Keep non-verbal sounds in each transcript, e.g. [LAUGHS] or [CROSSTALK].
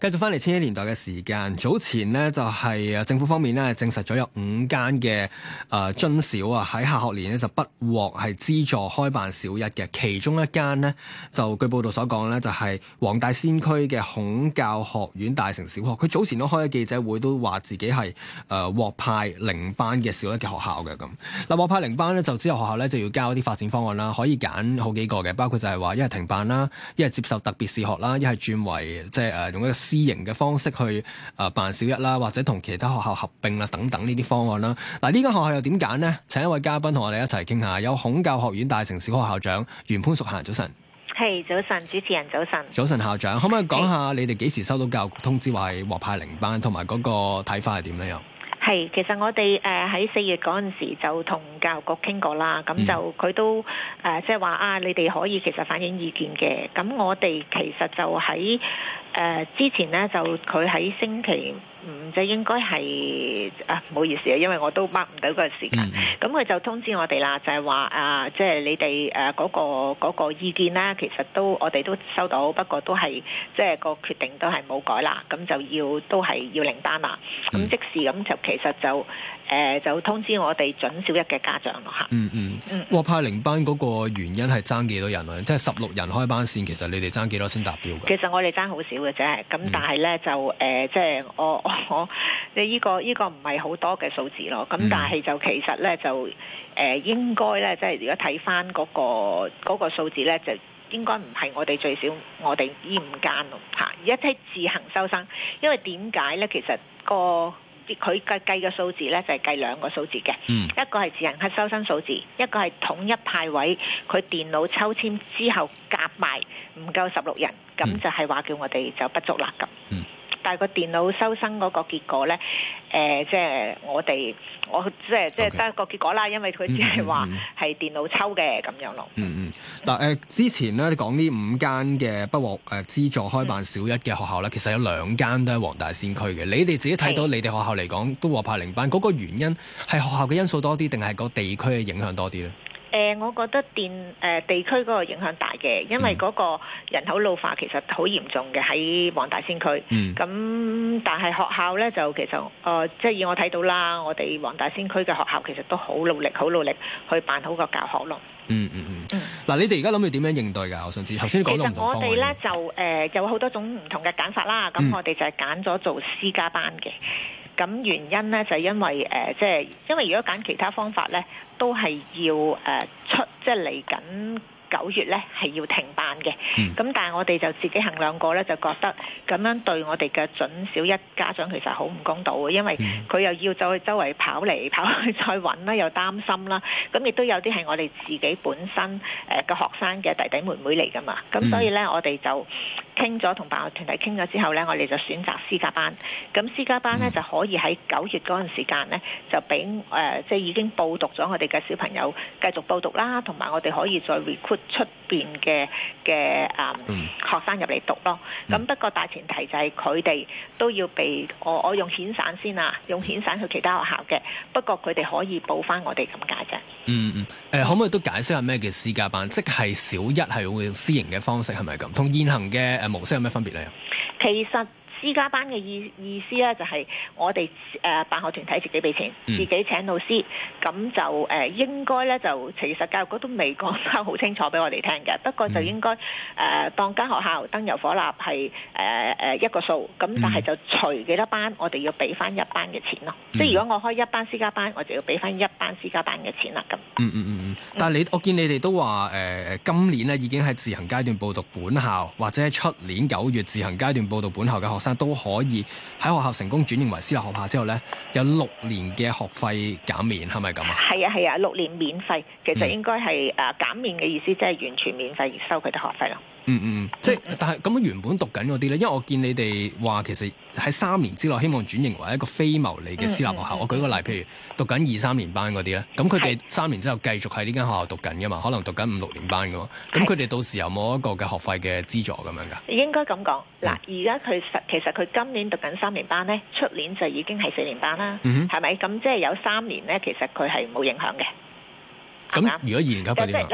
繼續翻嚟千禧年代嘅時間，早前呢，就係、是、政府方面呢，證實咗有五間嘅誒津小啊喺下學年咧就不獲係資助開辦小一嘅，其中一間呢，就據報道所講呢，就係、是、黃大仙區嘅孔教學院大成小學，佢早前都開咗記者會都話自己係誒獲派零班嘅小一嘅學校嘅咁，嗱獲派零班呢，就之後學校呢就要交啲發展方案啦，可以揀好幾個嘅，包括就係話一係停辦啦，一係接受特別視學啦，一係轉為即係、呃、用一個。私營嘅方式去啊辦小一啦，或者同其他學校合併啦，等等呢啲方案啦。嗱，呢間學校又點揀呢？請一位嘉賓同我哋一齊傾下。有孔教學院大成小學校長袁潘淑嫻，早晨。係、hey, 早晨，主持人早晨。早晨，校長，可唔可以講下你哋幾時收到教育局通知，話係獲派零班，同埋嗰個睇法係點咧？又係，其實我哋誒喺四月嗰陣時候就同教育局傾過啦。咁就佢都誒即係話啊，你哋可以其實反映意見嘅。咁我哋其實就喺。誒、呃、之前咧就佢喺星期五，即應該係啊，唔好意思啊，因為我都 mark 唔到嗰個時間。咁佢、嗯、就通知我哋啦，就係話啊，即、呃、係、就是、你哋誒嗰個意見咧，其實都我哋都收到，不過都係即係個決定都係冇改啦，咁就要都係要零班啦。咁即時咁就其實就。誒、呃、就通知我哋準小一嘅家長咯嚇。嗯嗯嗯，我、嗯嗯、派零班嗰個原因係爭幾多少人啊？嗯、即係十六人開班線。其實你哋爭幾多先達標嘅？其實我哋爭好少嘅啫。咁但係咧、嗯、就、呃、即係我我，我你依個依個唔係好多嘅數字咯。咁但係就其實咧就誒、呃、應該咧，即係如果睇翻嗰個嗰個數字咧，就應該唔係我哋最少，我哋依五間咯嚇。而家睇自行收生，因為點解咧？其實個佢計計嘅數字咧，就係計兩個數字嘅，嗯、一個係自行客收生數字，一個係統一派位佢電腦抽籤之後夾埋，唔夠十六人，咁就係話叫我哋就不足啦咁。嗯但係個電腦收生嗰個結果咧，誒、呃，即、就、係、是、我哋，我即係即係得一個結果啦，Okay. 因為佢只係話係電腦抽嘅咁、mm hmm. 樣咯。嗯嗯、mm，嗱、hmm. 誒、 [LAUGHS] 呃，之前咧講呢你這五間嘅不獲誒、呃、資助開辦小一嘅學校咧，mm hmm. 其實有兩間都喺黃大仙區嘅。你哋自己睇到是你哋學校嚟講都獲派零班，嗰、那個原因係學校嘅因素多啲，定係個地區嘅影響多啲咧？誒、呃，我覺得電誒、呃、地區嗰個影響大嘅，因為嗰個人口老化其實好嚴重嘅喺黃大仙區。嗯。咁但係學校咧就其實誒、呃，即係以我睇到啦，我哋黃大仙區嘅學校其實都好努力，好努力去辦好個教學咯、嗯。嗯嗯嗯。嗱、啊，你哋而家諗住點樣應對㗎？我想知頭先講咗唔同方案。其實我哋咧就誒、呃、有好多種唔同嘅揀法啦。嗯。咁我哋就係揀咗做私家班嘅。咁原因咧就係因為誒，即、呃、係、就是、因為如果揀其他方法咧，都係要誒、呃、出，即係嚟緊。九月咧係要停辦嘅，咁但係我哋就自己衡量過咧，就覺得咁樣對我哋嘅準小一家長其實好唔公道嘅，因為佢又要再周圍跑嚟跑去再揾啦，又擔心啦，咁亦都有啲係我哋自己本身誒嘅學生嘅弟弟妹妹嚟㗎嘛，咁所以咧我哋就傾咗同辦學團體傾咗之後咧，我哋就選擇私家班，咁私家班咧就可以喺九月嗰陣時間咧就俾誒即係已經報讀咗我哋嘅小朋友繼續報讀啦，同埋我哋可以再 recruit。出面嘅嘅啊學生入嚟讀咯，咁、嗯、不過大前提就係佢哋都要被我我用遣散先啊，用遣散去其他學校嘅，不過佢哋可以補翻我哋咁解啫。嗯嗯，誒、呃，可唔可以都解釋下咩叫私家班？即係小一係用私營嘅方式是不是，係咪咁？同現行嘅誒模式有咩分別咧？其實。私家班嘅意意思咧，就係我哋誒辦學團體自己俾錢，嗯、自己請老師，咁就誒應該咧，就其實教育局都未講得好清楚俾我哋聽嘅，不過就應該誒、嗯呃、當間學校燈油火蠟係誒誒一個數，咁但係就除幾多班，嗯、我哋要俾翻一班嘅錢咯。即係、嗯、如果我開一班私家班，我就要俾翻一班私家班嘅錢啦。咁嗯嗯嗯嗯，但係你我見你哋都話，誒、呃、今年咧已經喺自行階段報讀本校，或者喺出年九月自行階段報讀本校嘅學生。都可以喺學校成功轉型為私立學校之後呢，有六年嘅學費減免，係咪咁啊？係啊，係啊，六年免費，其實應該係誒、嗯呃、減免嘅意思，即係完全免費而收佢哋學費咯。嗯嗯，嗯嗯即係、嗯、但係咁樣原本讀緊嗰啲咧，因為我見你哋話其實喺三年之內希望轉型為一個非牟利嘅私立學校。嗯嗯嗯、我舉個例，譬、嗯嗯、如讀緊二三年班嗰啲咧，咁佢哋三年之後繼續喺呢間學校讀緊㗎嘛，可能讀緊五六年班嘅嘛。咁佢哋到時候有冇一個嘅學費嘅資助咁樣㗎？應該咁講嗱，而家佢實其實佢今年讀緊三年班咧，出年就已經係四年班啦，係咪、嗯哼？咁即係有三年咧，其實佢係冇影響嘅。咁那如果二年級嘅咧？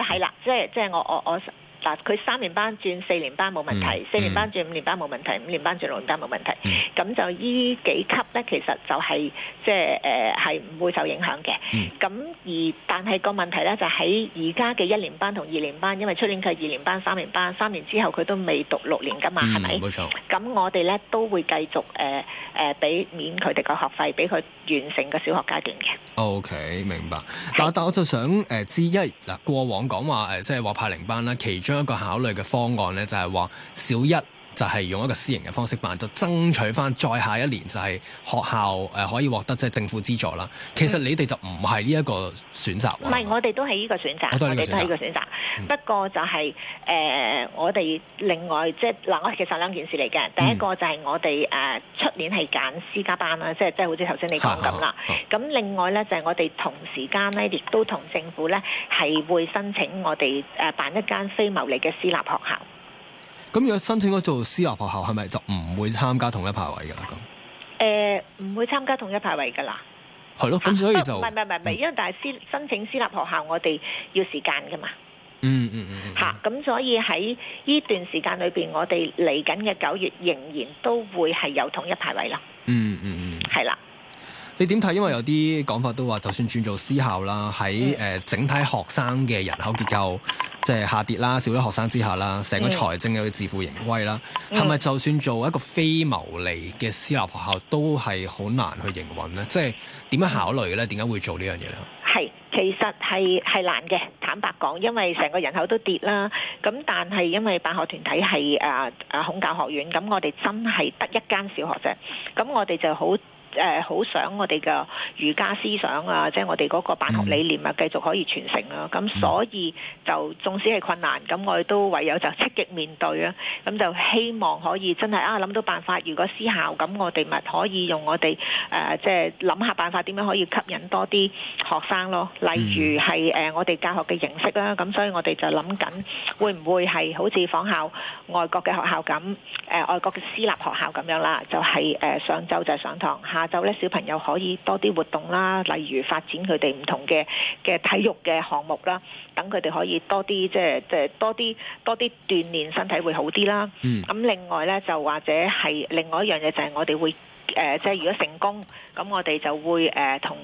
即係即係我我我。我我嗱，佢三年班轉四年班冇問題，四年班轉五年班冇問題，五年班轉六年班冇問題，咁就依幾級咧，其實就係即係誒，係唔會受影響嘅。咁而但係個問題咧，就喺而家嘅一年班同二年班，因為出年佢係二年班、三年班，三年之後佢都未讀六年噶嘛，係咪？冇錯。咁我哋咧都會繼續誒誒俾免佢哋個學費，俾佢完成個小學階段嘅。OK，明白。嗱，但我就想誒知一嗱，過往講話誒，即係話派零班啦，其中。一個考慮嘅方案咧，就係話小一。就係用一個私營嘅方式辦，就爭取翻再下一年就係學校可以獲得即係政府資助啦。其實你哋就唔係呢一個選擇。唔係、啊，我哋都係呢個選擇。啊、我哋都係呢個選擇。嗯、不過就係、是呃、我哋另外即係嗱，我、就是、其，其實兩件事嚟嘅。第一個就係我哋誒出年係揀私家班啦，即係即係好似頭先你講咁啦。咁、啊啊啊、另外咧就係我哋同時間咧亦都同政府咧係會申請我哋誒辦一間非牟利嘅私立學校。咁如果申請咗做私立學校，係咪就唔會參加統一派位嘅啦？咁誒、呃，唔會參加統一派位噶啦。係咯，咁所以就唔係唔係唔係，因為但係申請私立學校，我哋要時間噶嘛。嗯嗯嗯。嚇、嗯，咁、嗯嗯啊、所以喺呢段時間裏邊，我哋嚟緊嘅九月仍然都會係有統一派位啦、嗯。嗯嗯嗯，係啦。你點睇？因為有啲講法都話，就算轉做私校啦，喺、嗯呃、整體學生嘅人口結構即係、就是、下跌啦，少咗學生之下啦，成個財政又要自負盈虧啦，係咪、嗯、就算做一個非牟利嘅私立學校都係好難去營運呢？即係點樣考慮呢？點解會做呢樣嘢呢？係其實係係難嘅，坦白講，因為成個人口都跌啦。咁但係因為辦學團體係、啊、孔教學院，咁我哋真係得一間小學啫。咁我哋就好。誒好、呃、想我哋嘅儒家思想啊，即係我哋嗰個辦學理念啊，繼續可以傳承啊，咁所以就縱使係困難，咁我哋都唯有就積極面對啊。咁就希望可以真係啊，諗到辦法。如果私校咁，我哋咪可以用我哋誒、呃、即係諗下辦法點樣可以吸引多啲學生咯。例如係誒、呃、我哋教學嘅形式啦、啊。咁所以我哋就諗緊會唔會係好似仿效外國嘅學校咁誒、呃、外國嘅私立學校咁樣啦？就係、是、誒、呃、上週就上堂下下晝咧，小朋友可以多啲活動啦，例如發展佢哋唔同嘅嘅體育嘅項目啦，等佢哋可以多啲即係即係多啲多啲鍛煉身體會好啲啦。嗯、咁另外咧就或者係另外一樣嘢就係我哋會誒，即、呃、係、即係、如果成功，咁我哋就會誒同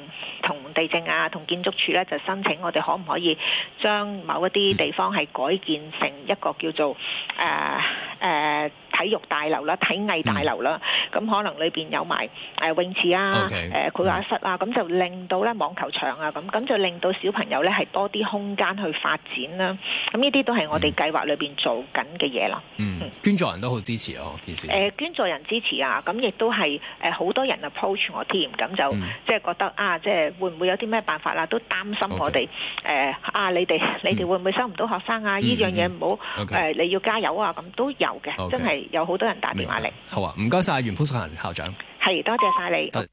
同地政啊、同建築署咧就申請，我哋可唔可以將某一啲地方係改建成一個叫做誒誒。呃呃體育大樓啦，體藝大樓啦，咁可能裏邊有埋誒泳池啊、誒繪畫室啊，咁就令到咧網球場啊，咁咁就令到小朋友咧係多啲空間去發展啦。咁呢啲都係我哋計劃裏邊做緊嘅嘢啦。嗯，捐助人都好支持哦，件事。誒，捐助人支持啊，咁亦都係誒好多人啊 approach 我添，咁就即係覺得啊，即係會唔會有啲咩辦法啦？都擔心我哋誒啊，你哋你哋會唔會收唔到學生啊？呢樣嘢唔好誒，你要加油啊！咁都有嘅，真係。有好多人打電話嚟。好啊，唔該晒。袁潘淑嫻校長。係，多謝晒你。